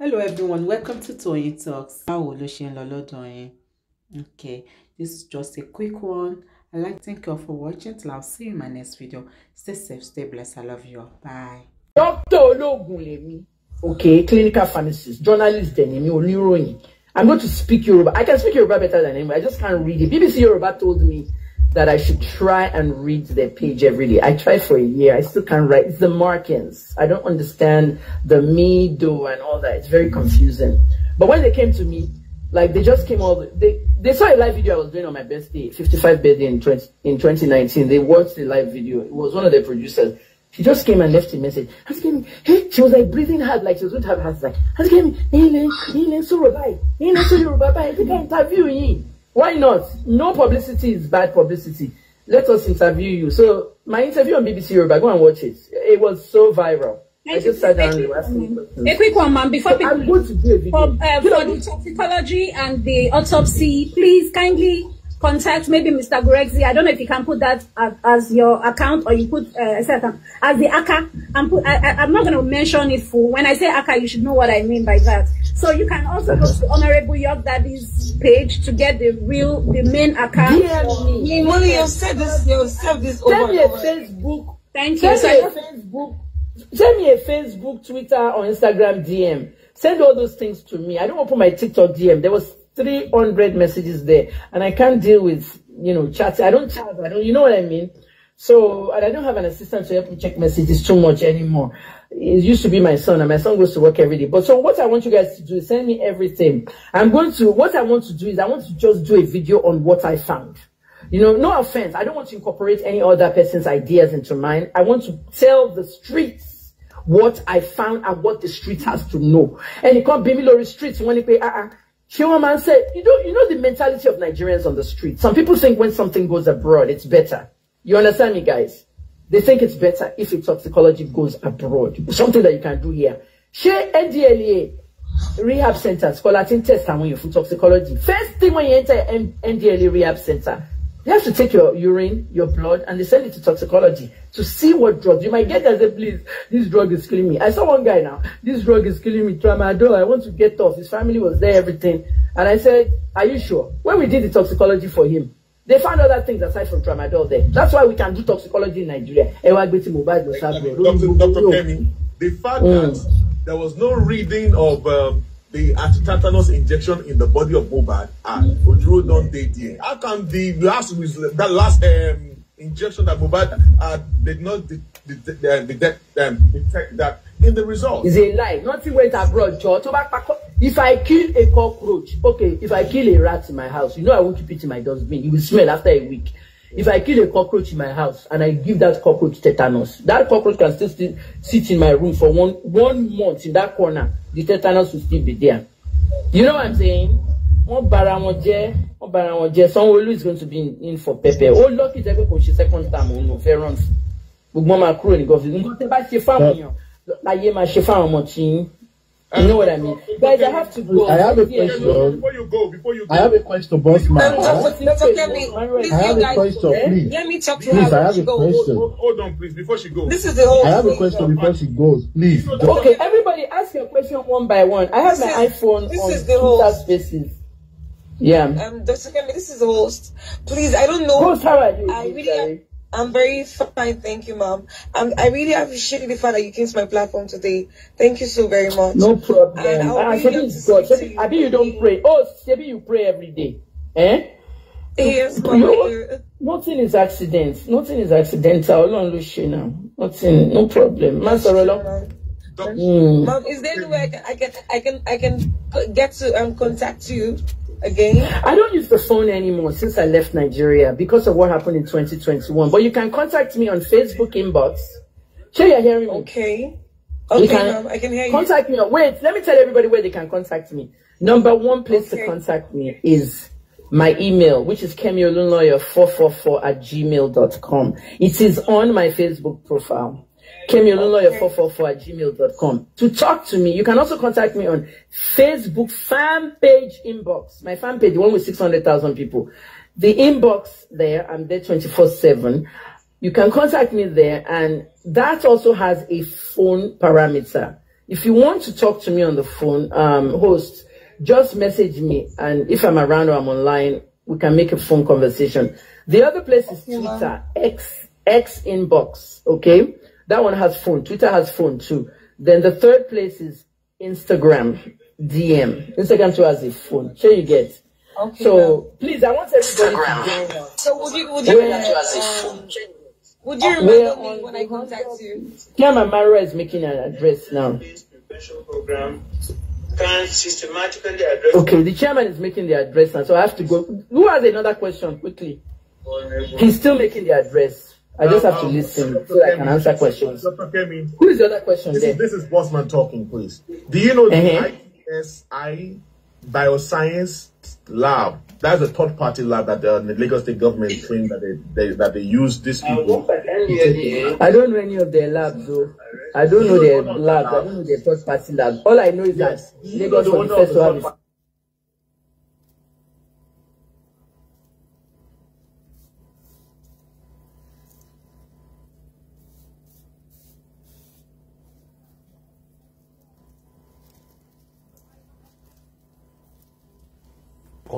hello everyone welcome to Toyeen Talks How ló you ń Lolo lọ́dọ̀ okay this is just a quick one i like thank you all for watching till i see you in my next video stay safe stay blessed i love you all bye. Doctor olóògùn lèmi okay clinical pharmacist journalist dẹ̀ ni i'm going to speak Yoruba i can speak Yoruba better than anybody i just can't read it BBC Yoruba told me that I should try and read their page every day. I tried for a year. I still can't write. the markings. I don't understand the me, do, and all that. It's very confusing. But when they came to me, like they just came all they they saw a live video I was doing on my birthday, 55 birthday in 20, in 2019. They watched the live video. It was one of the producers. She just came and left a message. Asked hey, she was like breathing hard, like she was going her have a heart attack. Asked me, Nile, Nile, so Robai, Nile, so Yoruba, I think I interview you. Why not? No publicity is bad publicity. Let us interview you. So my interview on BBC Yoruba, go and watch it. It was so viral. Thank I just sat down and asked mm-hmm. A quick one, ma'am, before so people, I'm going to do a video. For, uh, for the toxicology and the autopsy, please kindly contact maybe Mr. Goregzi. I don't know if you can put that as, as your account or you put uh, certain, as the ACA. I'm, put, I, I, I'm not going to mention it full. When I say ACA, you should know what I mean by that. So you can also go to Honorable York Daddy's page to get the real, the main account. Yeah, me. Well, you've said this, you've said this over Send me a Facebook. Thank you. Send me a Facebook. Send me a Facebook, Twitter, or Instagram DM. Send all those things to me. I don't open my TikTok DM. There was 300 messages there, and I can't deal with, you know, chats. I don't chat. I don't, you know what I mean? So, and I don't have an assistant to help me check messages too much anymore it used to be my son and my son goes to work every day. But so what I want you guys to do is send me everything. I'm going to, what I want to do is I want to just do a video on what I found. You know, no offense. I don't want to incorporate any other person's ideas into mine. I want to tell the streets what I found and what the street has to know. And you can't be me lorry streets when you pay, uh-uh. man said, you know, you know the mentality of Nigerians on the street. Some people think when something goes abroad, it's better. You understand me, guys? They think it's better if a toxicology goes abroad. Something that you can do here. She NDLA rehab centers, collatin test and when you for toxicology. First thing when you enter NDLA rehab center, you have to take your urine, your blood, and they send it to toxicology to see what drugs you might get. As Say please, this drug is killing me. I saw one guy now. This drug is killing me. Tramadol. I want to get off. His family was there, everything. And I said, Are you sure? When we did the toxicology for him, They found other things aside from tramadol there. That's why we can do toxicology in Nigeria. Ẹ wá gbé tí Mohbad lọ sábẹ̀. Dr. Dr. Kemi, the fact mm. that there was no reading of um, the antitetanus injection in the body of Mohbad and Ojuro don't date there. How can the last that last um, injection that Mohbad uh, did not detect, detect, um, detect, um, detect that in the result? is a lie. Nothing went abroad, Joe. Tó bá If I kill a cockroach, okay, if I kill a rat in my house, you know I won't keep it in my dustbin. It will smell after a week. If I kill a cockroach in my house and I give that cockroach tetanus, that cockroach can still, still sit in my room for one one month in that corner. The tetanus will still be there. You know what I'm saying? Wọ́n bara wọn jẹ́ wọ́n bara wọn jẹ́ sanwó is going to be in, for pepper. Ó lọ́kì jẹ́ pé kò ṣe second term òun ò fẹ́ run. Gbogbo wọn máa ní gọ́fìsì. Nǹkan bá ṣe fáwọn èèyàn láyé máa ṣe fáwọn ọmọ tí yín. You know what I mean? Guys, I have to go. I have a question. Before you go, before you go. I have a question, boss man. Dr. Kevin, please, I have a question, eh? please. Let me talk to please, her. I have a question. Hold on, please, before she goes. This is the whole I have a question before she goes, please. Okay, everybody ask your question one by one. I have my iPhone this on is the whole... spaces. Yeah. Um, Dr. Kevin, this is the host. Please, I don't know. Host, how are you? I really... I'm very fine, thank you, ma'am. Um, I really appreciate the fact that you came to my platform today. Thank you so very much. No problem. And I'll ah, really is you. I think you don't pray. Oh, maybe you pray every day. Eh? Yes, ma'am. No, nothing is accident. Nothing is accidental. you now. Nothing. No problem. Master mm. Mom, is there any way I can, I can, I can, I can get to um contact you? again? I don't use the phone anymore since I left Nigeria because of what happened in 2021. But you can contact me on Facebook inbox. Sure, you're hearing me. Okay. Okay, you can, I can hear you. Contact me. Wait, let me tell everybody where they can contact me. Number one place okay. to contact me is my email, which is kemiolunlawyer444 at gmail.com. It is on my Facebook profile kemiolunlawyer444 at gmail.com to talk to me. You can also contact me on Facebook fan page inbox. My fan page, one with 600,000 people. The inbox there, I'm there 24-7. You can contact me there and that also has a phone parameter. If you want to talk to me on the phone, um, host, just message me and if I'm around or I'm online, we can make a phone conversation. The other place is Twitter, X, X inbox, okay? That one has phone. Twitter has phone too. Then the third place is Instagram DM. Instagram too has a phone. So you get. Okay. So please, I want everybody Instagram. to join us. So would you would you Where, uh, would you remember me when I contact you? Kama Mara is making an address now. Okay, the chairman is making the address now, so I have to go. Who has another question quickly? He's still making the address. I just um, have to um, listen so I can answer questions. Who is the other question this there? Is, this is Bossman talking, please. Do you know the uh -huh. Bioscience Lab? That's a third-party lab that the, the, Lagos State government trained that they, they that they use these people. I don't know any of their labs, though. I don't know their labs. I don't know their third-party labs. All I know is yes. that Lagos was the first to have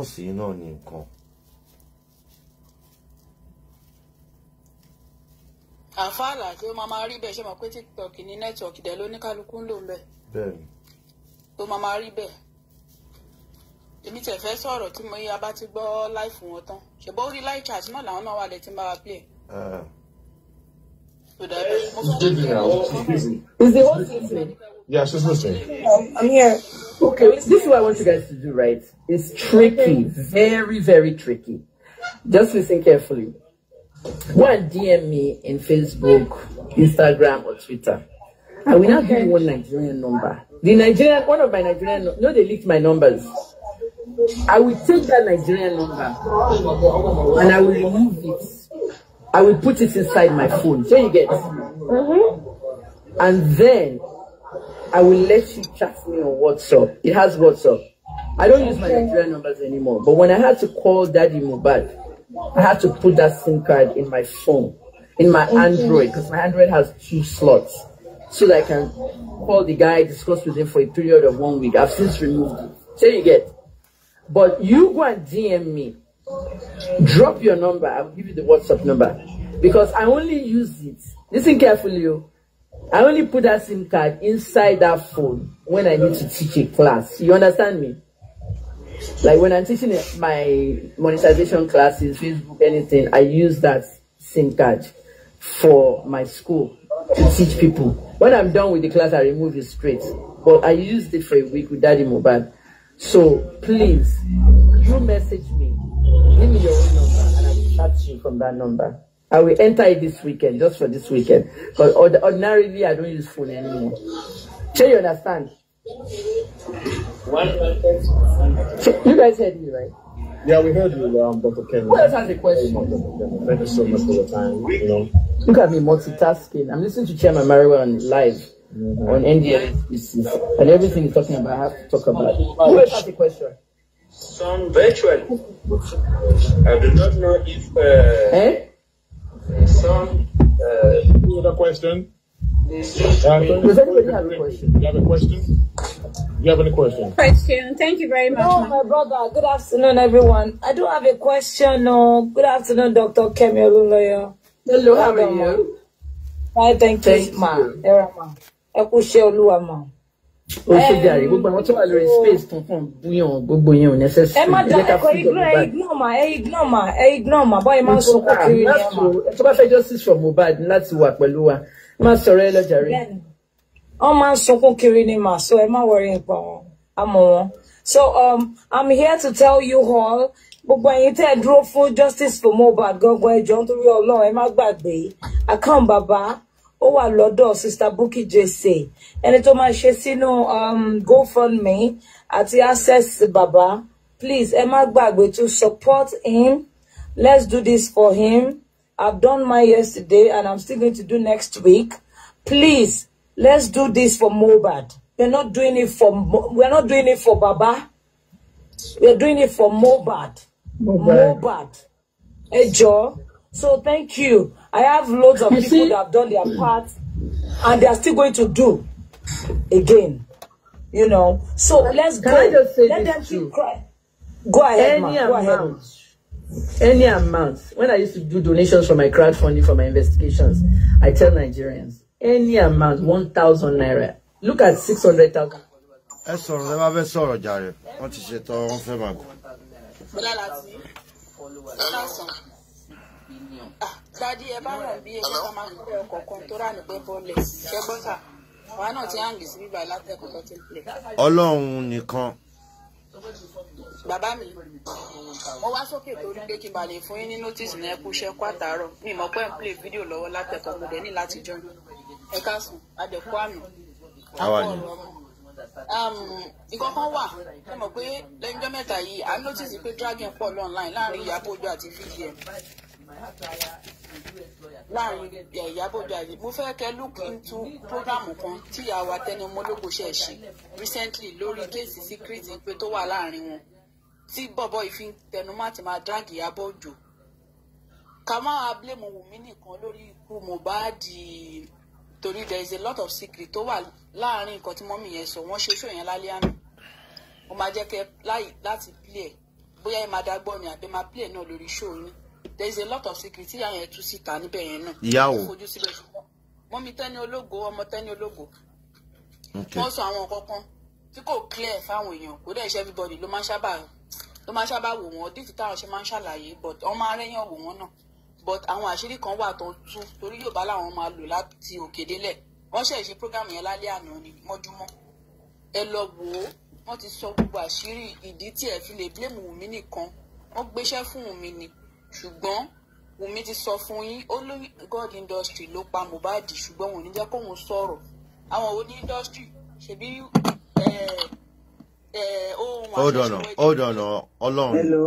ọ̀sìn náà ní nǹkan. àfàlà tí ó máa máa rí bẹ́ẹ̀ ṣe mọ̀ pé tiktok ní nẹ́tíwọ̀kì dẹ̀ lóníkálukú ń lò ń bẹ̀. bẹ́ẹ̀ni. tó máa máa rí bẹ́ẹ̀. èmi tẹ̀ fẹ́ sọ̀rọ̀ tí mo yá bá ti gbọ́ láìfù wọn tán ṣùgbọ́n ó rí láì chat náà làwọn náà wà lẹ́ tí ń bá wa play. Uh. So that, uh, it's the whole thing. Yeah, she's listening. Um, I'm here. Okay, this is what I want you guys to do, right? It's tricky, very, very tricky. Just listen carefully. Go and DM me in Facebook, Instagram, or Twitter. I will not give you one Nigerian number. The Nigerian, one of my Nigerian, no, they leaked my numbers. I will take that Nigerian number and I will remove it. I will put it inside my phone. So you get. Mm -hmm. And then I will let you chat me on WhatsApp. It has WhatsApp. I don't use my Nigerian numbers anymore. But when I had to call Daddy Mubad, I had to put that SIM card in my phone, in my Android, because my Android has two slots. So that I can call the guy, discuss with him for a period of one week. I've since removed it. So you get. But you go and DM me. Drop your number. I'll give you the WhatsApp number. Because I only use it. Listen carefully, you. Oh. I only put that SIM card inside that phone when I need to teach a class. You understand me? Like when I'm teaching my monetization classes, Facebook, anything, I use that SIM card for my school to teach people. When I'm done with the class, I remove it straight. But I used it for a week with Daddy Mobile. So please, you message me. Give me your own number and I will chat you from that number. I will enter it this weekend, just for this weekend. Because ordinarily, I don't use phone anymore. Sure, you understand? You guys heard me, right? Yeah, we heard you, um, Dr. Kevin. Who else has a question? Thank you so much for your time. You know. Look at me multitasking. I'm listening to Chairman Mariwa on live mm -hmm. on NDA. and everything he's talking about, I have to talk about. Who else has a question? Some virtual. I do not know if. Uh, eh? Some, uh, a question? Does anybody have a question? You have a question? You have any question? Question. Thank you very much. Oh, my brother. Good afternoon, everyone. I do have a question. No. Good afternoon, Dr. Kemi Oluloyo. Hello, how are you? Hi, thank you. Thank you. ma. ó ṣe jàre gbogbo àwọn tó wà lórí space tó kàn búyàn gbogbo yẹn ò necessary. ẹ má da ẹkọ ignore ẹ ignore ma ẹ ignore ma ẹ ignore ma báyìí máa ń sọ kó kiri ní ọmọ. Ah, tó bá fẹ́ justice from Mohbad láti wà pẹ̀lú wa má sọ̀rọ̀ ẹ lọ jàre. wọ́n máa ń sunkún kiri ní màá so ẹ má wọrí nǹkan wọn wọn. so um, I'm here to tell you all gbogbo ẹ̀yin tẹ́ ẹ dúró fún justice for Mohbad gangan ẹjọ́ nítorí Ọlọ́run ẹ má gbàgbé àkàn bàbá ó wà lọ́dọ̀ sister Bukky Jesse ẹni tó máa ṣe sínú um, GoFundMe àti access baba please ẹ má gbàgbé to support him let's do this for him I've done mine yesterday and I'm still going to do next week please let's do this for Mohbad we're not doing it for we're not doing it for baba we're doing it for Mohbad Mohbad ẹ jọ̀ọ́ so thank you. I have loads of you people see? that have done their part and they are still going to do again. You know, so can, let's can go. I just say Let them keep crying. Go ahead, Any ma. Go amount, ahead. Any amount. When I used to do donations for my crowdfunding for my investigations, I tell Nigerians any amount, one thousand naira. Look at six hundred thousand. Ẹ sọ̀rọ̀ ẹ máa fẹ́ sọ̀rọ̀ jàre, wọ́n ti ṣe tán, wọ́n fẹ́ máa gùn. Bọ́lá láti. Bọ́lá láti dadi ẹ bá ràn bí ẹgbẹ́ ká máa ń pẹ́ ọkọ̀ kan tó rà nígbẹ́ bọ́ọ̀lẹ̀ ṣẹ́gbọ́n sà àwa náà ti hàn gbèsè bíbá látẹ̀kọ̀ tó ti ń pè. ọlọ́run nìkan. bàbá mi mo wá sókè torí pé kí n bá lè fún yín ní notice ní ẹkú iṣẹ́ kó mi mọ̀ pé ń play fídíò lọ́wọ́ látẹ̀kọ̀ mo ní láti jọ ẹ káàsùn adẹ̀kọ́ àmì. àwa ni nǹkan kan wà ẹ mọ̀ pé lẹ́yìn ọjọ́ yìí à notice pé dragon pọ̀ online láàrin Ìyábọ̀ Òjó àti láàrin eh, ìyábọ̀dọ̀ àyè mo fẹ́ kẹ́ look into programu kan tí ìyàwó atẹnumọ́lógo ṣe ṣe recently lórí kéèsì secret pé tó wà láàrin wọn tí bọ̀bọ̀ ìfi tẹnumọ́ àti máa drag ìyábọ̀ òjò ká máa blame Wùmí nìkan lórí ikú Mohbad torí there is a lot of secret tó wà láàrin nǹkan tí mọ́mì yẹn sọ wọ́n ṣe ṣó yẹn lálẹ́ àná mo máa jẹ́ kẹ́ láti play ẹ̀ bóyá ẹ máa dágbọ́ mi àbí máa play náà lórí show yín there is a lot of security tí ìyá yẹn tú síta níbẹ̀ yẹn náà. ìyá o fojú síbẹ̀ ṣùgbọ́n mọ́mí tẹ́ni ológo ọmọ tẹ́ni ológo. wọ́n sọ àwọn kankan tí kò clear fáwọn èèyàn kò dẹ̀ ṣe everybody ló máa ń sábà ló máa ń sábà wò wọ́n díìtì táwọn ṣe máa ń ṣàlàyé but ọmọ arẹ́yàn wò wọ́n náà but àwọn àṣírí kan wà tó tú torí Yorùbá làwọn máa lò láti òkè délẹ̀ wọ́n ṣẹ̀ ṣe program yẹn lálẹ́ àná ni mọ́júmọ́ ẹ lọ wò ó wọ́n ti sọ gbogbo àṣírí ìdí tí ẹ fi lè blame Wùmí nìkan wọ́n gbéṣẹ́ fún Wùmí ni ṣùgbọ́n Wùmí ti sọ fún yín ó ló God industry ló pa Mohbad ṣùgbọ́n wọn ò ní jẹ́ kóun sọ̀rọ̀ àwọn òní industry ṣebí eh, eh, ohun àṣẹṣe wẹ́ẹ́dì. hold on hello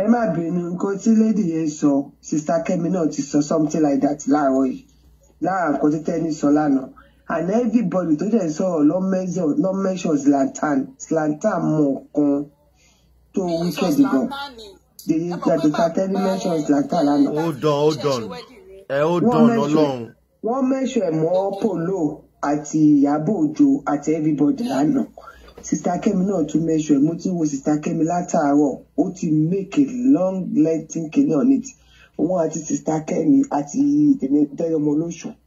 ẹ má bínú nǹkan tí lady yẹn sọ sista Kẹ́mi náà ti sọ something like that láàárọ̀ yìí láàárọ̀ nǹkan tí tẹ́ni sọ lánàá and everybody tó dẹ̀ sọ̀rọ̀ lọ́mẹ́sọ̀ slantan slantan mọ̀ kan tó wíkẹ́ẹ̀dì gan. sọ the Kadika Kẹ́mi like that lánàá. hold on hold on ẹ hold on lọ́lọ́run. wọ́n mẹ́sọ̀ more mọ́ polo àti Ìyábọ̀ at everybody I know. Sister came tún mẹ́sọ̀ ẹ̀ mo was sister came Kẹ́mi látàárọ̀ ó ti make it long lengthy kìíní on it wọn àti sista Kẹ́mi àti tẹ́lẹ̀ ọmọ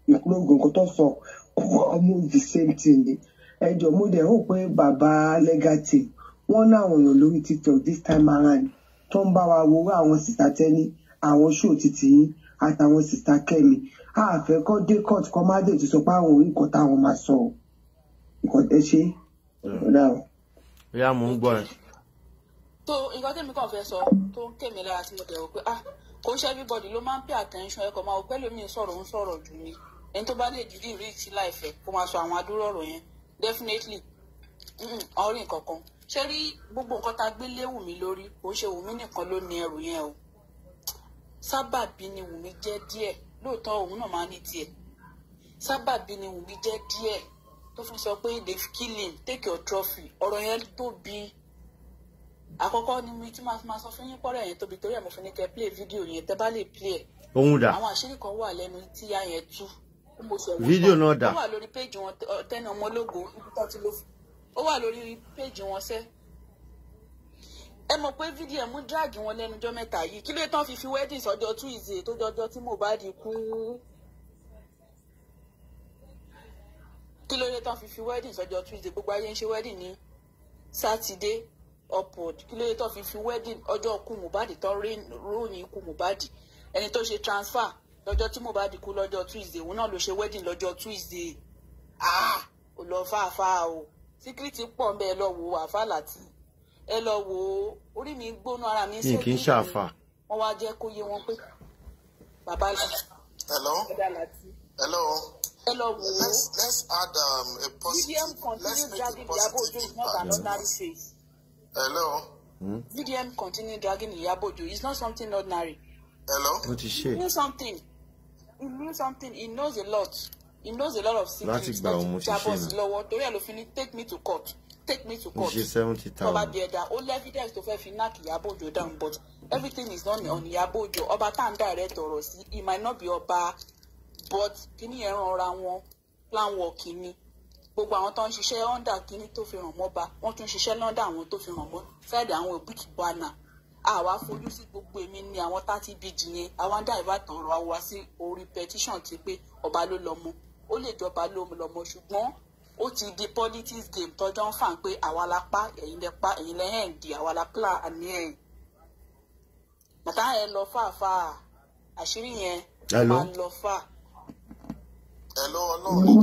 You know, go to tó sọ almost the same thing ni ẹjọ mo dẹ̀ hó pé One legacy wọn náà wọ̀nyàn lórí TikTok this time around tó ń bá wa wo àwọn sìtà tẹni àwọn ṣó títì yín àtàwọn sìtà kẹmi àfẹ kọ dé court kọ má dé ti pé àwọn nǹkan táwọn máa sọ nǹkan ẹ ṣe ọ̀dà hmm. mò ń gbọ́ ẹ. tó nǹkan tèmi kàn fẹ́ sọ tó ń kèmí lára tí mo tẹ̀ pé ah kò ń ṣe everybody ló máa ń pay attention ẹ̀kọ́ máa wọ pẹ́ lómi sọ̀rọ̀ ń sọ̀rọ̀ jù mí ẹni tó bá lè dìde rí ti láìfẹ́ kó máa sọ àwọn adúrò ọ̀rọ̀ yẹn definitely ọ̀rìn kankan ṣé rí gbogbo nǹkan tá a gbé lé Wùmí lórí kò ṣe Wùmí nìkan ló ní ẹrù yẹn o sábàbí ni Wùmí jẹ́ díẹ̀ lóòótọ́ òun náà máa ní tiẹ̀ sábàbí ni Wùmí jẹ́ díẹ̀ tó fi sọ pé they kill take your trophy ọ̀rọ̀ yẹn tóbi àkọ́kọ́ ni mi tí máa sọ fún yín pọ́rọ̀ yẹn tóbi torí ẹ̀ mo ní kẹ́ play video yẹn tẹ́ bá lè play ẹ̀. òun dà àwọn àṣírí kan wà lẹ́nu tí ya yẹn tú. fídíò náà dà. ó wà lórí péjì wọn tẹnu ọmọ ológo ibi tó ti lọ fún ó wà lórí péjì wọn sẹ́ ẹ mọ̀ pé fídíò mú dráàgì wọn lẹ́nu ọjọ́ mẹ́ta yìí kí ló tán fi fi wedding sọjọ́ Tuesday tó jọjọ́ tí Mohbad kú kí ló dé tán fi fi wedding sọjọ́ Tuesday gbogbo ayé ń ṣe wedding ní Saturday upward kí ló dé tán fi fi wedding ọjọ́ ikú Mohbad tán ròyìn ikú Mohbad ẹni tó ṣe transfer lọ́jọ́ tí Mohbad kú lọ́jọ́ Tuesday òun náà ló ṣe wedding lọ́jọ́ Tuesday ah ò lọ fáfáà o. Fa, síkírìtì pọ̀ ń bẹ ẹ lọ wo àfàlà tí ẹ lọ wo orí mi gbóná ara mi sí kí n ṣàfà wọn wá jẹ́ kó yé wọn pé bàbá láti ẹ lọ wo VDM um, continue dragging Iyabo Ojo is not an ordinary face VDM hmm? continue dragging Iyabo Ojo is not something ordinary. Hello? What is she? He knew something. He knew something. He knows a lot he knows a lot of secrets that jábọ̀ sí lọ́wọ́ torí ẹ̀ ló fi ní take me to court take me to court ọba diẹda ó lé tó fẹ́ fi knack Ìyábò Òjó down but everything is done on Ìyábò Òjó ọba tá à ń direct ọ̀rọ̀ sí he might not be ọba but kíní ẹran ọra wọn plan work ni gbogbo àwọn tó ń ṣiṣẹ́ under kíní tó fi hàn mọ́ba wọ́n tún ṣiṣẹ́ lọ́ndà àwọn tó fi hàn mọ́ fẹ́ẹ̀dì àwọn òbíkì bọ́nà àwa fojú sí gbogbo èmi ni àwọn thirty bg yẹn àwọn dá ìbátan ọ̀rọ̀ wa sí orí petition ti pé ọba ló lọ mọ́ ó lè jọba lọ́mọ ṣùgbọ́n ó ti di politics game tọjọ́ ń fà ń pé àwa la pa ẹ̀yin lẹ pa ẹ̀yin lẹ hẹ́ǹ di àwa la pla àní ẹ̀ bàtà ẹ lọ fàáfà àṣírí yẹn máa ń lọ fà. Hello, hello, hello.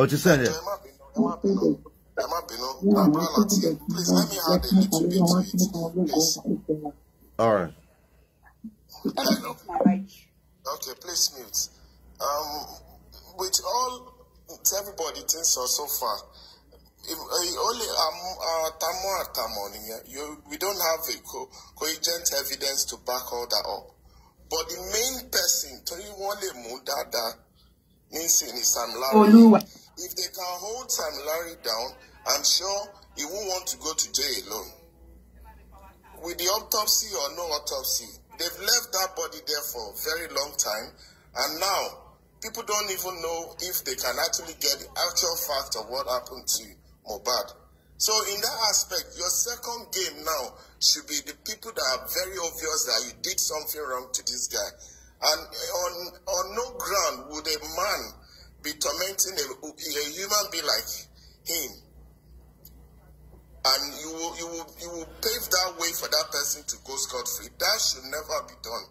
Ó ti sẹ́yìn. Ẹ má bínú. Abúlé láti. Please let me add a little bit to it. Please. All right. Let Okay, please mute. Um, with all everybody thinks so, so far, eh, only um, uh, tamo we don't have a co- cogent evidence to back all that up. But the main person, Tony Wale Mudada, Ninsin is Sam Larry. Olua. If they can hold Sam Larry down, I'm sure he won't want to go to jail alone. With the autopsy or no autopsy, They've left that body there for a very long time, and now people don't even know if they can actually get the actual fact of what happened to Mobad. So in that aspect, your second game now should be the people that are very obvious that you did something wrong to this guy. And on, on no ground would a man be tormenting a, a human being like him and you will you will you will pave that way for that person to go scot free that should never be done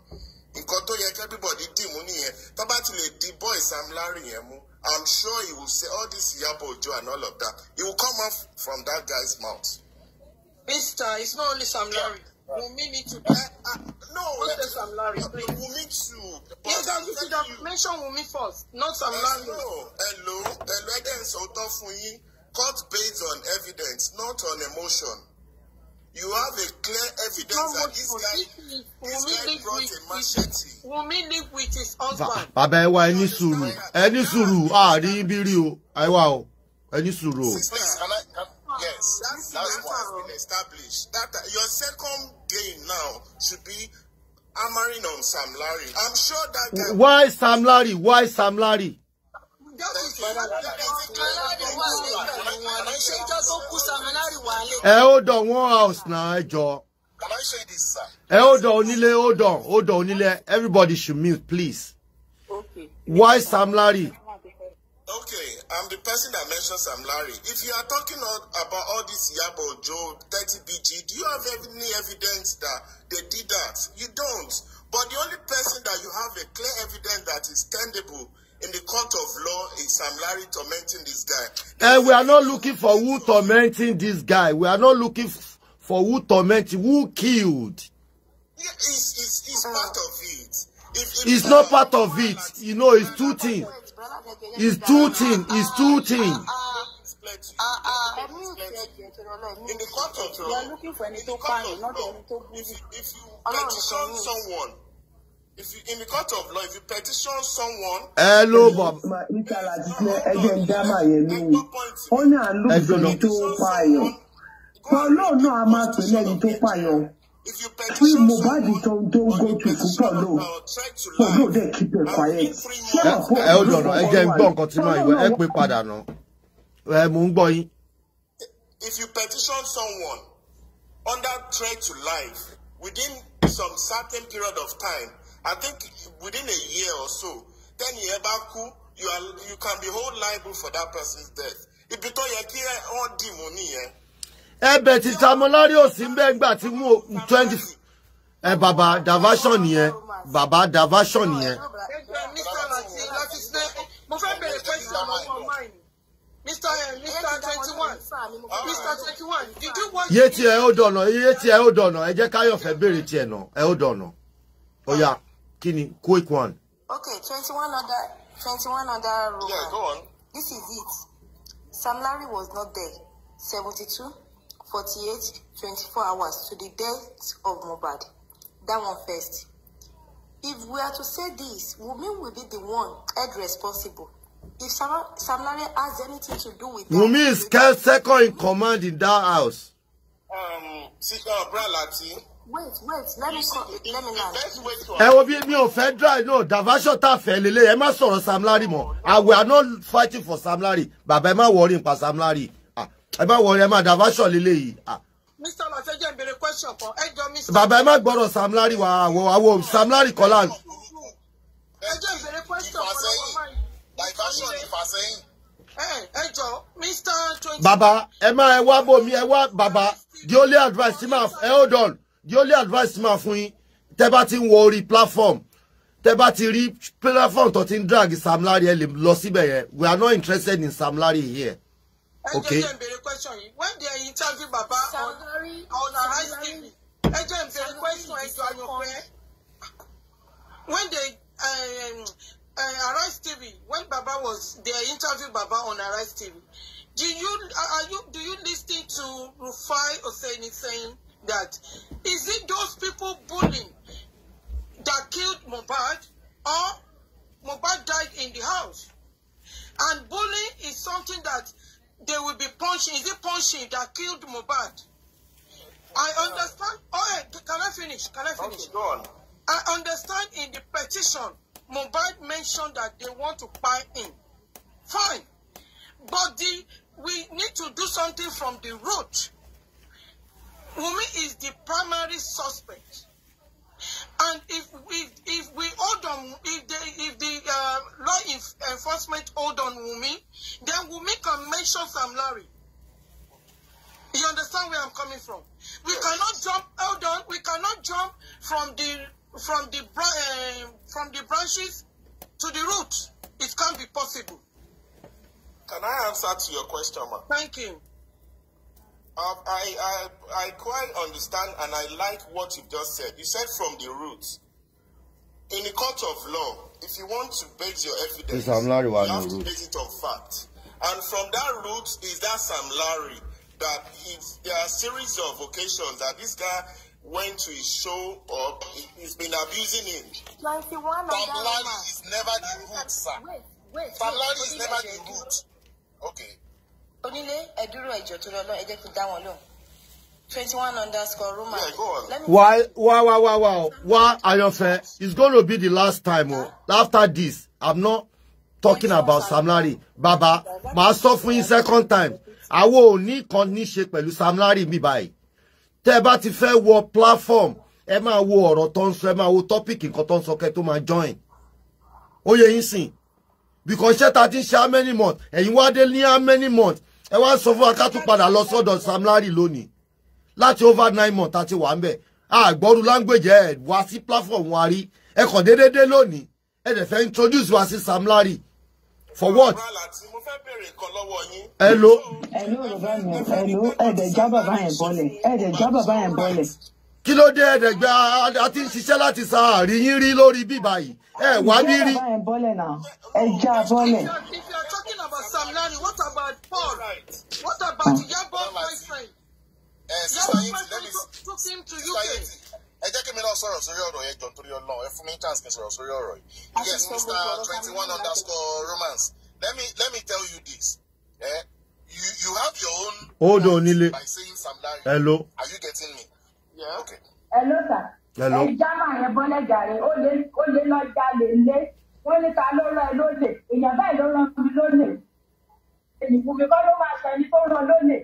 nǹkan tó yẹ kí everybody dì mú nìyẹn tó bá ti lè di boy Sam Larry yẹn mú i'm sure he will say all this Iyabo Ojo and all of that it will come off from that guy's mouth. mister it's not only Sam Larry. Yeah. Wunmi need to. Uh, uh, no, let us Sam Larry, please. Wunmi too. Yes, you should have mentioned Wunmi first, not Sam Larry. Hello, hello, hello, ẹ dẹ́n Court based on evidence, not on emotion. You have a clear evidence that this guy, this guy brought a machete. Wunmi live with his husband. Bàbá ẹ wá ẹni sùúrù, ẹni sùúrù, àárín ibi o, ẹ o, ẹni sùúrù Yes, that's, what has been established. That, that uh, your second game now should be hammering on Sam Larry. I'm sure that guy. Why Sam Larry? Why Sam Larry? ẹ ó dọ̀ one house náà ẹ jọ. ẹ ó dọ̀ onílé ó dọ̀ ó dọ̀ onílé everybody should mute please. Okay. Why Sam Larry? Okay, I'm the person that mentioned Sam Larry. If you are talking about all this Yabo Joe, 30 BG, do you have any evidence that they did that? You don't. But the only person that you have a clear evidence that is tangible in the court of law is Sam Larry tormenting this guy. That's eh, and we are not looking for who tormenting this guy. We are not looking for who tormenting, who killed. Yeah, it's, it's, it's mm. part of it. If, it's not part of it. You know, it's two things. It's two things. It's two things. Ah, ah. In the court of law, you are looking for any to not any to If you petition someone, if you in the court of law if you petition someone. hello Bob. bọ. níta làjíṣẹ́ ẹgbẹ́ ń dá màá yẹn lóhùn ó ní à ń lùbìnrin tó pààyàn pọ̀lọ́ náà a máa pè lẹ́ni tó pààyàn pé Mohbad tó ń tó ń go to kú pọ̀lọ́ pọ̀lọ́ dẹ̀ keep it quiet. ẹ ó dọ̀nà ẹ jẹ́ ń gbọ́ nǹkan tí mo ìwé ẹ pé padà nà ẹ mò ń gbọ́ yín. if you petition someone under threat to life within some certain period of time I think within a year or so then you ever cool, you are you can be hold liable for that person's death ibi tó yẹ kí wọ́n dì mú nìyẹn. ẹ̀bẹ̀ tí tamolari ò sí bẹ́ẹ̀ gbà tí wọ́n twenty ẹ bàbá diversion nìyẹn bàbá diversion nìyẹn. mo fẹ́ bèrè question ọmọ ọmọ yìí. Mr. Mr. 21. Mr. 21, did you watch? Yé tiẹ̀ ó dọ̀nà, yé tiẹ̀ ó dọ̀nà, ẹ jẹ́ Káyọ̀ fẹ́ béèrè tiẹ̀ nà, ẹ ó dọ̀nà. Ó yá kí quick one. okay twenty one other twenty one other roman yeah, go on. this is it Sam Larry was not there seventy two forty eight twenty four hours to the death of Mohbad that one first if we are to say this Wunmi will be the one head responsible if Sam, Sam Larry has anything to do with that. is second in command in that house. Um, see, Sister see wait wait let me call let me laugh. ẹ wo bí mi ò fẹ́ dry no davasho tá a fẹ́ lélẹ̀ ẹ má sọ̀rọ̀ Sam Larry mọ́ we are not fighting for Sam Larry bàbá ẹ má wọrí nípa Sam Larry ah, ẹ má wọrí ẹ má davasho lélẹ̀ yìí. mr lafayette ń béèrè mr. bàbá ẹ má gbọ́dọ̀ Sam Larry wà àwọ̀ àwọ̀ Sam Larry kọ́lá. ẹ jẹ́ ìbéèrè question kan lọ́wọ́ báyìí. divasho ni fàṣẹyìn. ẹ ẹ jọ mr. bàbá ẹ má ẹ wá bòmí ẹ wá bàbá the only advice ti máa ẹ hold on the only advice máa fún yín tẹ́ bá ti ń wọ platform tẹ́ bá ti rí platform tó ti drag Sam Larry ẹ lè lọ síbẹ̀ yẹn we are not interested in Sam Larry here. okay. ẹ jẹ́ kí n question yìí when they interview baba on on Arise TV ẹ jẹ́ n béèrè question ẹjọ́ àyànfẹ́ when they um, uh, Arise TV when baba was they interview baba on Arise TV do you are you do you listen to Rufai Oseni saying that Is it those people bullying that killed Mohbad or Mohbad died in the house? And bullying is something that they will be punching. Is it punching that killed Mohbad? I understand. Oh, can I finish? Can I finish? Okay, go on. I understand in the petition, Mohbad mentioned that they want to buy in. Fine. But the, we need to do something from the root. Wumi is the primary suspect. And if we if we hold on if the if the uh, law enforcement hold on Wumi, then Wumi can mention Sam Larry. You understand where I'm coming from? We cannot jump. Hold on, we cannot jump from the from the uh, from the branches to the root. It can't be possible. Can I answer to your question, ma? Thank you. Um, I, I, I quite understand and I like what you've just said. You said from the roots. In the court of law, if you want to base your evidence, you have to base it on fact. And from that root is that Sam Larry, that it's, there are a series of occasions that this guy went to his show or he's been abusing him. 21 Sam Larry is never the root, sir. Wait, wait, Sam Larry is never the root. Okay onílé ẹdúró ẹjọ tó lọ lọ ẹ jẹ́ kí n dá wọn lóhùn twenty one underscore roman. wá wá wá wá wá wá Ayanfe it's going to be the last time o oh. after this i'm not talking about Samlari, baba màá sọ fún yín second time àwọn ò ní kan ní ṣe pẹ̀lú Samlari. Larry mi báyìí tẹ́ bá ti fẹ́ wọ platform ẹ máa wo ọ̀rọ̀ tó ń sọ ẹ máa wo tọ́pìkì nǹkan tó ń sọ kẹ́ tó máa join ó yẹ yín sìn because ṣé ta ti ń ṣe how many months ẹ̀yin wá dé ní how many months ẹ wá sọ fún wa ká tún padà lọ sọ́dọ̀ Sam lónìí láti over nine months àti wà ń bẹ̀ àgbọ́rú language ẹ̀ wá sí platform wa rí ẹ kàn déédéé lónìí ẹ dẹ̀ fẹ́ introduce wa sí Sam for what. ẹ lo. ẹ lo ẹ lo ẹ dẹ̀ já bàbá yẹn ẹ dẹ̀ já bàbá yẹn kí ló dé ẹ̀ẹ́dẹ̀gbẹ́ a ti ń ṣiṣẹ́ láti sa àríyín rí lórí bíbá yìí ẹ wá bí rí. ẹ já bọ́lẹ̀. ẹ jẹ́ kí mi náà sọ̀rọ̀ sórí ọ̀rọ̀ yẹn jọ torí ọlọ́run ẹ fún mi chance kí n sọ̀rọ̀ sórí ọ̀rọ̀ yìí yes mr twenty one underscore romance let me let me tell you this eh? you, you have your own. hold on nílé hello are you getting me. Hello sir. Hello. ẹja máa yẹn bọ́ lẹ́jà rẹ̀ ó lé lọ́jà lè lé wọ́n ní ta ló rán ẹ lónìí èèyàn báyìí ló rán mi lónìí ènìkùn mi kọ́ ló máa sọ ẹni tó rán lónìí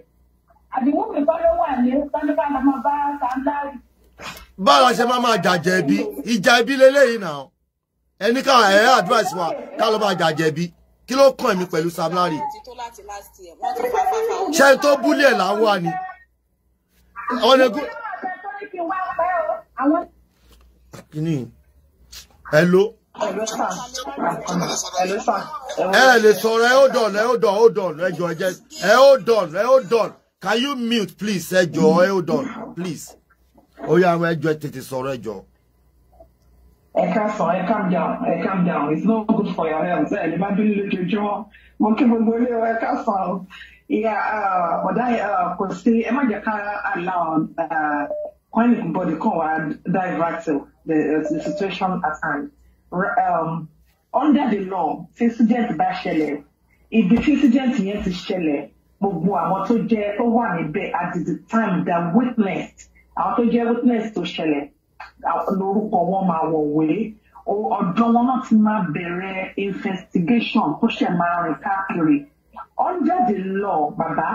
àdìmú mi kọ́ ló wà ní sọ́nùkà lọ́mọ bá sàńdárì. báwo la ṣe máa máa jàjẹ́ ẹbí ìjà ẹbí lélẹ́yìn náà ẹni ká ẹ advice wa ká ló máa jàjẹ́ ẹbí kí ló kàn mí pẹ̀lú Sam Larry ṣe tó búlẹ̀ làwọn ni ọ̀nà kí n wá pẹ́ o àwọn. kíni ẹ ló. ẹ ló sà ẹ ló sà. ẹ lè sọ̀rọ̀ ẹ ó dọ̀n ẹ ó dọ̀n ó dọ̀n ẹ jọ ẹ ẹ ó dọ̀n ẹ ó dọ̀n can you mute please ẹ jọ ẹ ó dọ̀n please ó yá àwọn ẹ jọ tètè sọ̀rọ̀ ẹ jọ. Ẹ káàsán, ẹ calm down, ẹ calm down. It's not good for your health. Ẹ lè má bínú lójoojúmọ́. Mo kí gbogbo ilé ẹ káàsán o. Ìyá uh, ọ̀dà uh, kò sí ẹ má jẹ́ ká allow uh, when body come and divert the, uh, situation at hand. Um, under the law tí student bá ṣẹlẹ̀ ibi tí student yẹn ti ṣẹlẹ̀ gbogbo àwọn tó jẹ́ tó wà níbẹ̀ at the time they witness àwọn tó jẹ́ witness tó ṣẹlẹ̀ lórúkọ wọn máa wọ̀ wé ọ̀dọ̀ wọn náà ti máa bẹ̀rẹ̀ investigation tó ṣẹ̀ máa rìn káàkiri under the law bàbá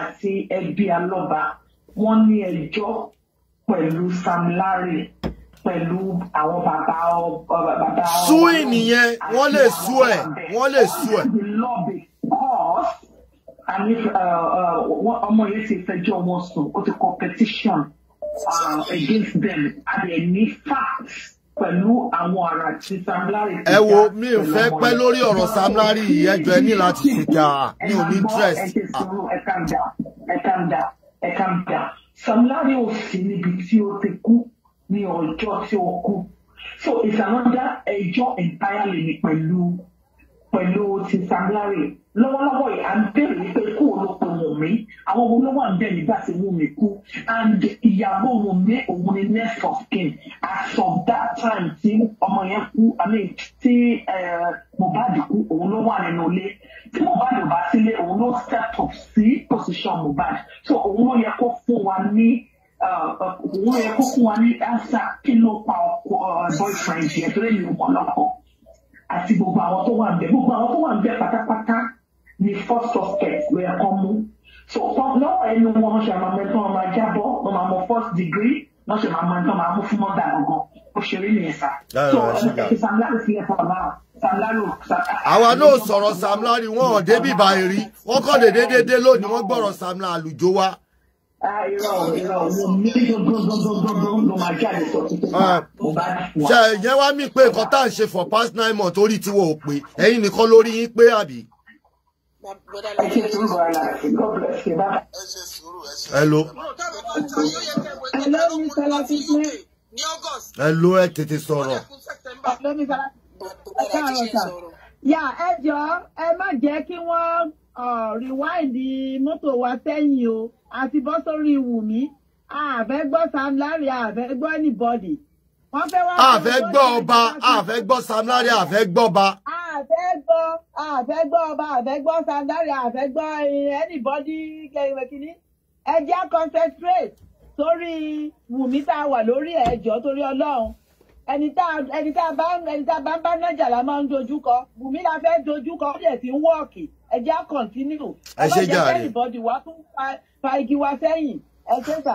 àti ẹbí alọ́ba wọ́n ní ẹjọ́ pẹ̀lú Sam Larry pẹ̀lú àwọn bàbá bàbá. sú ènìyàn wọ́n lè sú ẹ̀ uh, uh, wọ́n lè sú ẹ̀. ọmọ yìí ti fẹjọ́ wọn sùn ó ti kọ petition uh, against them and they need facts pẹ̀lú àwọn àrà tí Sam Larry ti dá. ẹ wo mi ò fẹ́ pẹ́ lórí ọ̀rọ̀ Sam yìí ẹjọ́ ẹ ní láti ṣe mi ò ní interest. Sam Larry ò sí níbi tí ó ti kú ní ọjọ́ tí ó kú so it's another ẹjọ́ entirely ni pẹ̀lú pẹ̀lú ti Sam Larry lọ́wọ́lọ́wọ́ yìí à ń bèrè wípé kú ò ló pe Wùnmí àwọn wo ló wà ń bẹ̀ nígbà tí Wùnmí kú and ìyàwó Wùnmí òun ni next of kin as of that time tí ọmọ yẹn kú I mean tí eh, Mohbad kú òun ló wà nínú ilé tí Mohbad ò bá sílé òun ló step up sí position Mohbad so òun ló yẹ kó fún wa ní uh, uh, òun ló yẹ kó fún wa ní answer kí ló pa ọkọ uh, boyfriend yẹn tó lè ní ọ̀pọ̀lọpọ̀ àti gbogbo àwọn tó wà ń bẹ gbogbo àwọn tó wà ń bẹ pátápátá ni first suspect ló yẹ kó mú so lọ́wọ́ ẹnu wọn ṣe àmàmẹ́tọ́ ọmọ ajábọ́ ọmọ àmọ́ first degree lọ́sẹ̀ máa máa tán máa mú fún òṣèré nìyẹn sá. so Sam Larry sílẹ̀ fún ọ̀nà àwa náà sọ̀rọ̀ Sam wọn ò débi ìbàyè rí wọ́n kọ́ dédé dédé lónìí wọ́n gbọ́rọ̀ Sam àlùjọ wa. ṣe ìyẹn wá mí pé nǹkan tá à ń ṣe for past nine months orí tiwọn ò pé ẹ̀yin nìkan lórí yín pé àbí. Hello. Hello, Mr. Latifah ní August. ẹ ló ẹ tètè sọ̀rọ̀. lómi fara ẹ káàárọ̀ sà yà ẹ jọ ẹ má jẹ́ kí wọ́n rìwáìdì mọ́tò wa sẹ́yìn o àti bọ́ sórí Wùmí àfẹ́ gbọ́ Sam Larry àfẹ́ gbọ́ anybody wọ́n fẹ́ wá. àfẹ́ gbọ́ ọba àfẹ́ gbọ́ Sam Larry àfẹ́ gbọ́ ọba. àfẹ́ gbọ́ àfẹ́ gbọ́ ọba àfẹ́ gbọ́ Sam Larry àfẹ́ gbọ́ eh, anybody ẹ jẹ́ concentrate sórí wùmí tá a wà lórí ẹjọ́ torí Ọlọ́run ẹni tá ẹni tá bá ẹni tá bá ń bá nájà la máa ń dojúkọ wùmí la fẹ́ dojúkọ ó dẹ̀ ti ń wọ́ọ̀kì ẹjẹ́ á kọ̀ntínú ọlọ́jà everybody wá tún fa igi wa sẹ́yìn ẹ ṣe sà.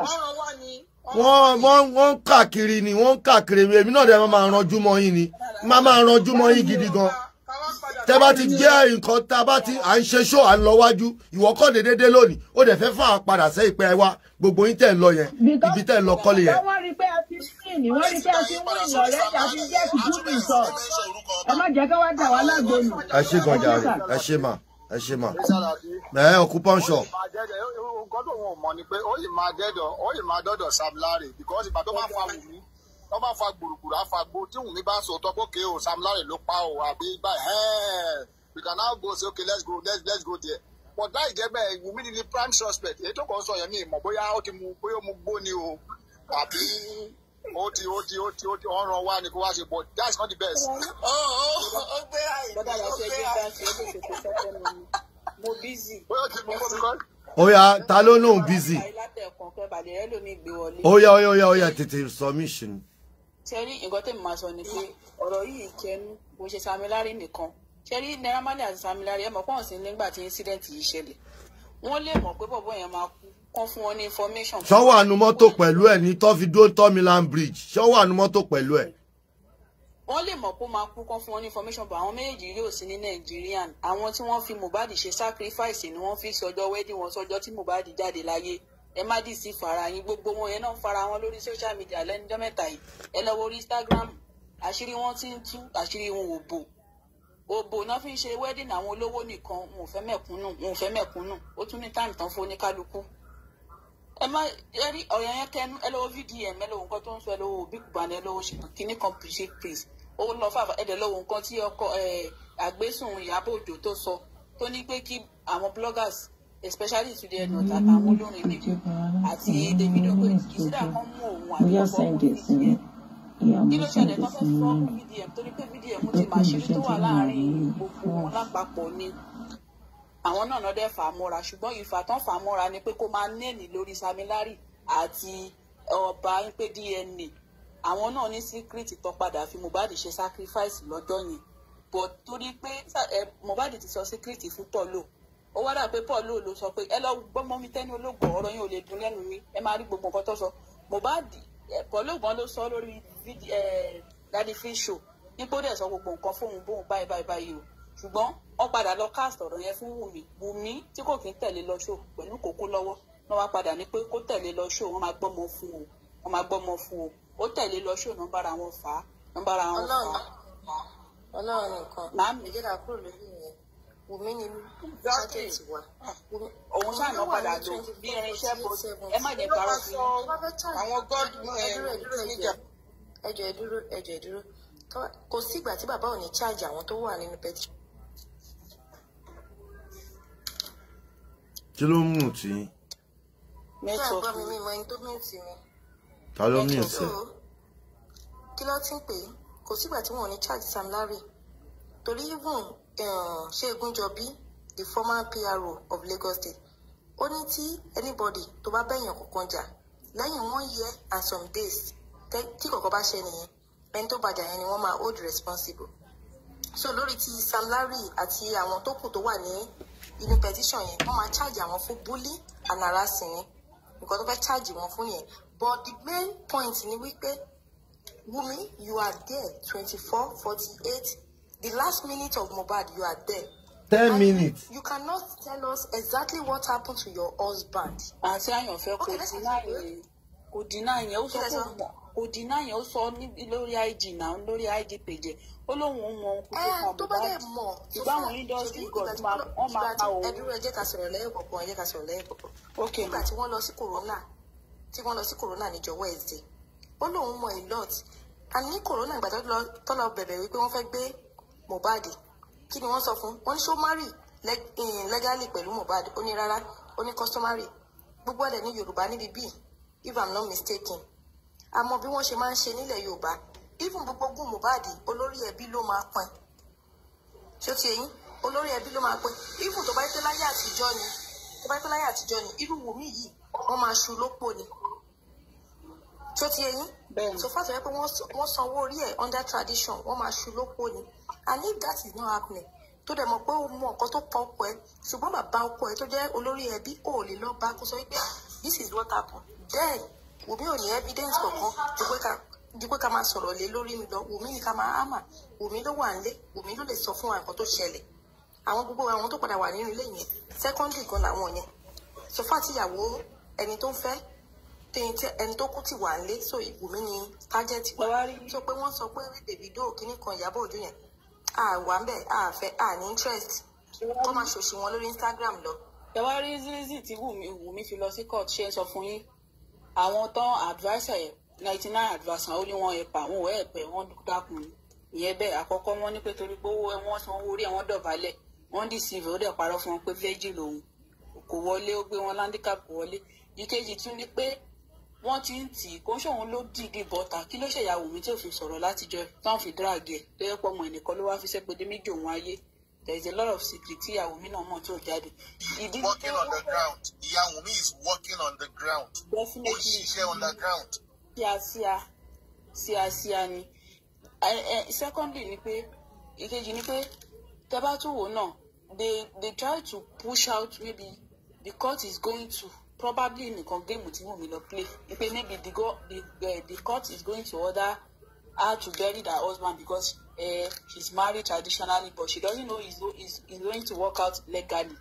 wọ́n wọ́n wọ́n ń kàkiri ni wọ́n ń kàkiri èmi náà dẹ̀ máa ranjú mọ́ yín ni máa máa ranjú mọ́ yín gidi gan-an tẹ́ bá ti jẹ́ nǹkan tá a bá ti à ń ṣe ṣó à ń lọ wájú kọ́ dédé dé lónìí ó dẹ̀ fẹ́ fà á padà sẹ́yìn pé ẹ wá gbogbo yín tẹ̀ ń lọ yẹn ibi tẹ̀ ń lọ kọ́lé yẹn. wọ́n rí pé a ti wíìn wọ́n rí pé a ti wíìn lọ́rẹ́ tí a ti jẹ́ ti dúró ìsọ̀ ẹ má jẹ́ kí wọ́n dà wá lágbóni. ẹ ṣe gbọ̀njà ẹ ṣe mà ẹ ṣe mà ẹ ọkú pọ́ńṣọ. nǹkan tó wọn mọ̀ ni pé ó yìí máa dọ́dọ̀ Sam Larry because ìgbà tó fa wù mí tó bá fa gbùrùgbùrù àfagbó tí wùmí bá sọ tọ́ pókè o Sam Larry ló pa o àbí gbà we can now go say okay let's go let's let's go there but láì jẹ́ bẹ́ẹ̀ wùmí ni prime suspect èyí tó kàn sọ yẹn ní ìmọ̀ bóyá ó ti mu bóyá ó mu gbó ni o àbí ó ti ó ti ó ti ó ti ọ̀ràn wa ni kó wá ṣe but that's not the best. ó oh, oh. ó gbé àyè ó gbé àyè mo busy. bóyá ti mú kọ́ mi kọ́ oya ta ló lóun busy oya oya oya oya tètè submission ṣẹ́rí nǹkan tèmi máa sọ ni pé ọ̀rọ̀ yìí kẹnu kò ṣe samilari nìkan ṣẹ́rí naira marley àti samilari ẹ̀ mọ̀ pọ́n sí nígbà tí incident yìí ṣẹlẹ̀ wọ́n lè mọ̀ pé bọ̀bọ̀ yẹn máa kú kán fún wọn ní information. ṣọ́wọ́ àánú mọ́tò pẹ̀lú ẹ̀ ní tó dúró tọ́milan bridge ṣọ́wọ́ àánú mọ́tò pẹ̀lú ẹ̀. wọ́n lè mọ̀ pé ó máa kú kán fún wọn ní information bọ̀ àwọn méjèèjì yóò sí ní nàìjíríà àwọn tí wọ́n fi mohbad ṣe sacrifice ni wọ́n fi sọjọ́ wedding wọn sọjọ́ tí mohbad jáde láyé ẹ má dì sí fara yín gbogbo wọn yẹn náà ń fara wọn lórí social media lẹ́nudọ́ mẹ́ta yìí ẹ lọ wo orí Instagram àṣírí wọn ti ń tú àṣírí wọn ò bò òbò náà fi ń ṣe wedding àwọn olówó nìkan wọn ò fẹ́ mẹ̀kúnnù wọn ò fẹ́ mẹ̀kúnnù ó tún ní táìmù tán fún oníkálukú ẹ má ẹ rí ọ̀yàn yẹn kẹnu ẹ lọ́wọ́ vdm ẹ lọ́wọ́ nǹkan tó ń sọ ẹ lọ́wọ́ òbí kùbánì ẹ lọ́wọ́ kínní kan pèsè pèsè ó lọ fàfà ẹ dẹ̀ lọ́wọ́ nǹkan tí ọkọ ẹ àgbésùn Ìyábọ̀ Òjó tó sọ tó ní pé kí àwọn bloggers especially to the ẹnu ọ̀tà àtàwọn olórin méjì àti Davido pé kan mú òun àti ọkọ òun nìyẹn kí ló ṣẹlẹ̀ tó fẹ́ fọ́ VDM torí pé VDM ti mà ṣírí tó wà láàrin gbogbo wọn lápapọ̀ ni àwọn náà náà dẹ̀ fà á mọ́ra ṣùgbọ́n ìfà tán fà á mọ́ra ni pé kó máa nẹ́ẹ̀nì lórí Samilari àti ọba pé DNA àwọn náà ní secret tó fi Mohbad ṣe sacrifice lọ́jọ́ yẹn but torí pé Mohbad ti sọ secret fún Tọ́lò ó wá dà pé Paul ló sọ pé ẹ lọ gbọ́mọ mi tẹ́ni ológun ọ̀rọ̀ yín ò lè dùn lẹ́nu mi ẹ máa rí gbogbo nǹkan tó sọ Mohbad eh, Paul lóògbọ́n ló sọ lórí eh, Daddy Free Show nígbó dẹ̀ sọ gbogbo nǹkan fóun bóun báyìí báyìí báyìí o ṣùgbọ́n wọ́n padà lọ cast ọ̀rọ̀ yẹn fún Wùmí Wùmí tí kò kí ń tẹ̀lé lọ show pẹ̀lú kókó lọ́wọ́ náà wá padà ní pé kó tẹ̀lé lọ show wọ́n máa gbọ́mọ fún o wọ́n máa gbọ́mọ fún o ó tẹ̀lé lọ show nọ́mbàrà wọn fà á nọ́mbàrà wọn fà á. ọlọ́run nìkan. màámi. ẹ jẹ́ ká kúrò lórí òwe ni sákẹ́tì wa. Ah, òun ṣáà náà padà tó bí irinṣẹ́ bó ẹ má jẹ́ parọ́ fún mi. àwọn gọ́ọ̀dù níjà. ẹjọ ẹ dúró ẹjọ ẹ dúró kò sí ìgbà tí bàbá ò ní chájì àwọn tó wà nínú pẹtrol. kí ló ń mú tí. nẹ́tíwọ́ọ̀kì mi mímọ ẹni tó mú tí mi. ta ló mú tí. kí ló ti ń pè é kò sígbà tí wọn ò ní charge Sam Larry torí even Eh, ṣé the former PRO of Lagos State ó ní tí anybody tó bá bẹ̀yàn kankan jà lẹ́yìn one year and some days tí kọ̀ọ̀kan bá ṣe nìyẹn ẹni tó bàjá yẹn ni wọ́n máa hold responsible so lórí ti Sam Larry àti àwọn tó kù tó wà ní inú petition yẹn wọ́n máa charge àwọn fún bully and harassing yẹn nǹkan tó fẹ́ charge wọn fún yẹn but the main point ni wípé Wumi you are there twenty four forty eight the last minute of Mohbad, you are there. Ten and minutes. You cannot tell us exactly what happened to your husband. Àti àyànfẹ́ kò deny yẹn. Kò deny yẹn. Ó sọ pé kò deny yẹn. Ó sọ lórí IG náà lórí IG page. Ó lóun ó mọ ohun tó kàn eh, bá. Tó bá dẹ̀ mọ̀. Ìgbà àwọn industry god wọ́n máa pa òun. Ẹbí rẹ̀ jẹ́ ká sọ̀rọ̀ lẹ́yìn kọ̀ọ̀kan. Ẹ jẹ́ ká sọ̀rọ̀ lẹ́yìn kọ̀ọ̀kan. Okay. Nígbà tí wọ́n lọ sí Corona tí wọ́n lọ sí Corona níjọ́ Wednesday. Ó lóun mọ a lot. And ní Corona ìgbà tó lọ bẹ̀bẹ̀ wípé wọ́n fẹ́ gbé Mohbad kí ni wọ́n sọ fún wọ́n ní ṣó mari eh, legally pẹ̀lú Mohbad ó ní rárá ó ní customary gbogbo ọ̀dẹ̀ ní Yorùbá níbi bíi if i'm not mistaken àmọ́ bí wọ́n ṣe máa ń ṣe nílẹ̀ Yorùbá even gbogbo gùn Mohbad olórí ẹbí ló máa pín ṣé ó ti eyín olórí ẹbí ló máa pín even tó bá yẹ pé láyé àtijọ́ ni tó bá yẹ pé láyé àtijọ́ ni irú Wùmí yìí wọ́n máa ṣu lópò ni tó ti eyín so far sọ pé wọ́n sanwó orí ẹ̀ under tradition wọ́n máa ṣu lóko ni and if that is not happening tó dẹ̀ mọ̀ pé ó mọ nǹkan tó pa ọkọ ẹ̀ ṣùgbọ́n bàbá ọkọ ẹ̀ tó jẹ́ olórí ẹbí ò lè lọ bá kó sọ wípé this is what happened. then Wùmí ò ní evidence kankan ju pé ká ju pé ká máa sọ̀rọ̀ lé lórí mi lọ Wùmí ni ká máa hámà Wùmí ló wà nílé Wùmí ló lè sọ fún wa nǹkan tó ṣẹlẹ̀ àwọn gbogbo àwọn tó padà wà nínú ilé yẹn secondary gan làwọn yẹn so far tíyàwó ẹni tó ń fẹ́ ẹni tó kú ti wà ń lé so Wùmí ni tájẹ́tì wa sọ pé wọ́n sọ pé Davido kìíní kan Ìyábọ̀ Òjó yẹn àwa ń bẹ̀ àfẹ́ àní interest kọ́ máa ṣòṣì wọn lórí Instagram lọ. ẹ wá rí zizi tí Wùmí fi lọ sí court ṣe ń sọ fún yín àwọn tán adviser ninety nine adviser ó ní wọn ẹ pa àwọn òwe ẹ pẹ wọn dákun ìyẹn bẹ́ẹ̀ àkọ́kọ́ wọn ní pé torí pé owó wọn san owó orí ẹ wọn dọ̀bálẹ̀ wọn ó dẹ̀ parọ́ fún wọn pé virgin lòun kò wọlé ó gbé wọn landicap wọlé ìkejì tún ni pé wọ́n ti ń tì í kó ṣòun ló dìídì bọ́ta kí ló ṣèyàwó mi tí ò fi sọ̀rọ̀ látijọ́ táwọn fi dráàgì ẹ̀ tó yẹ pọ̀ ẹnìkan ló wá fi sẹ́gbẹ̀dẹ́ méjì òun ayé there is a lot of secret tí ìyàwó mi náà mọ̀ tó jáde. ìdí ni pé ìyàwó mi is working on the ground. definitely ó ṣiṣẹ́ on the ground. síasíá síasíá ni secondly ni pé ìkejì ni pé tẹ́ bá tún wò náà they they try to push out maybe the court is going to probably nìkan géèmù tí wùmí lọ play ipe maybe the, go, the, uh, the court is going to order her to bury her husband because uh, she's married traditionally but she doesn't know he's he's he's going to work out legally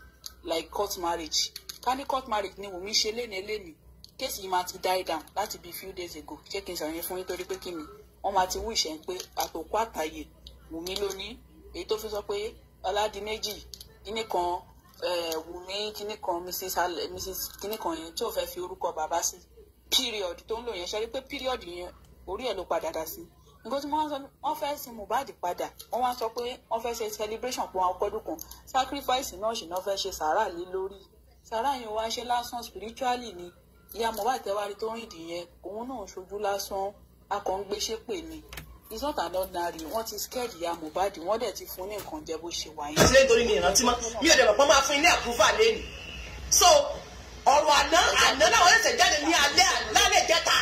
like court marriage ká ní court marriage ni wùmí ṣe léni léni kéèsì yìí máa ti die down láti bíi few days ago ṣé kí n ṣàyẹn fún yín torí pé kí ni wọ́n máa ti wú ìṣẹ́ ń pé àtòkọ́ àtàyè wùmí lónìí èyí tó fi sọ pé ọládìméjì nínú kan Eh, Wùmí kinní kan Mrs kinní kan yẹn tí ò fẹ́ fi orúkọ bàbá sí period tó ń lò yẹn ṣe rí pé period yẹn orí ẹ̀ ló padà dá sí nǹkan tí wọ́n sọ wọ́n fẹ́ sin Mohbad padà wọ́n wá sọ pé wọ́n fẹ́ ṣe celebration pọ̀ ọkọ́dún kan sacrifice náà ṣì náà fẹ́ ṣe sàárà lé lórí sàárà yẹn wá ṣe lásán spiritually ni ìyá Mohbad tẹ́wárí tó rìn dìyẹn òun náà ṣojú lásán akọ̀ ń gbéṣẹ́ pè ní it's not an ordinary wọ́n ti scared ìyá Mohbad wọ́n dẹ̀ ti fún ní nǹkan jẹ bó ṣe wáyé. ṣé nítorí mi ìrántí mọ́ mi ò dẹ̀ mọ̀ pé máa fún ilé àpúfà lẹ́nu so ọ̀rọ̀ àná àná náà wọ́n ṣẹ̀ṣẹ̀ jáde ní alẹ́ àlálẹ́ jẹ́ta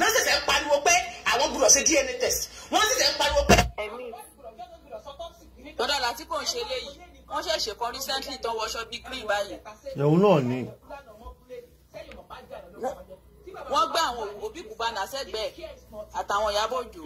náà ṣẹ̀ṣẹ̀ ń pariwo pé àwọn gbọ́dọ̀ ṣe DNA test wọ́n ṣẹ̀ṣẹ̀ ń pariwo pé. lọ́dọ̀ àti kò ń ṣe léyìí wọ́n ṣẹ̀ṣẹ̀ kan recently tán wọṣọ bíi green báyìí. ẹ̀hún náà ni wọ́n gbá àwọn òbí kùbánà sẹ́gbẹ̀ẹ́ àtàwọn Ìyábọ̀ Òjó.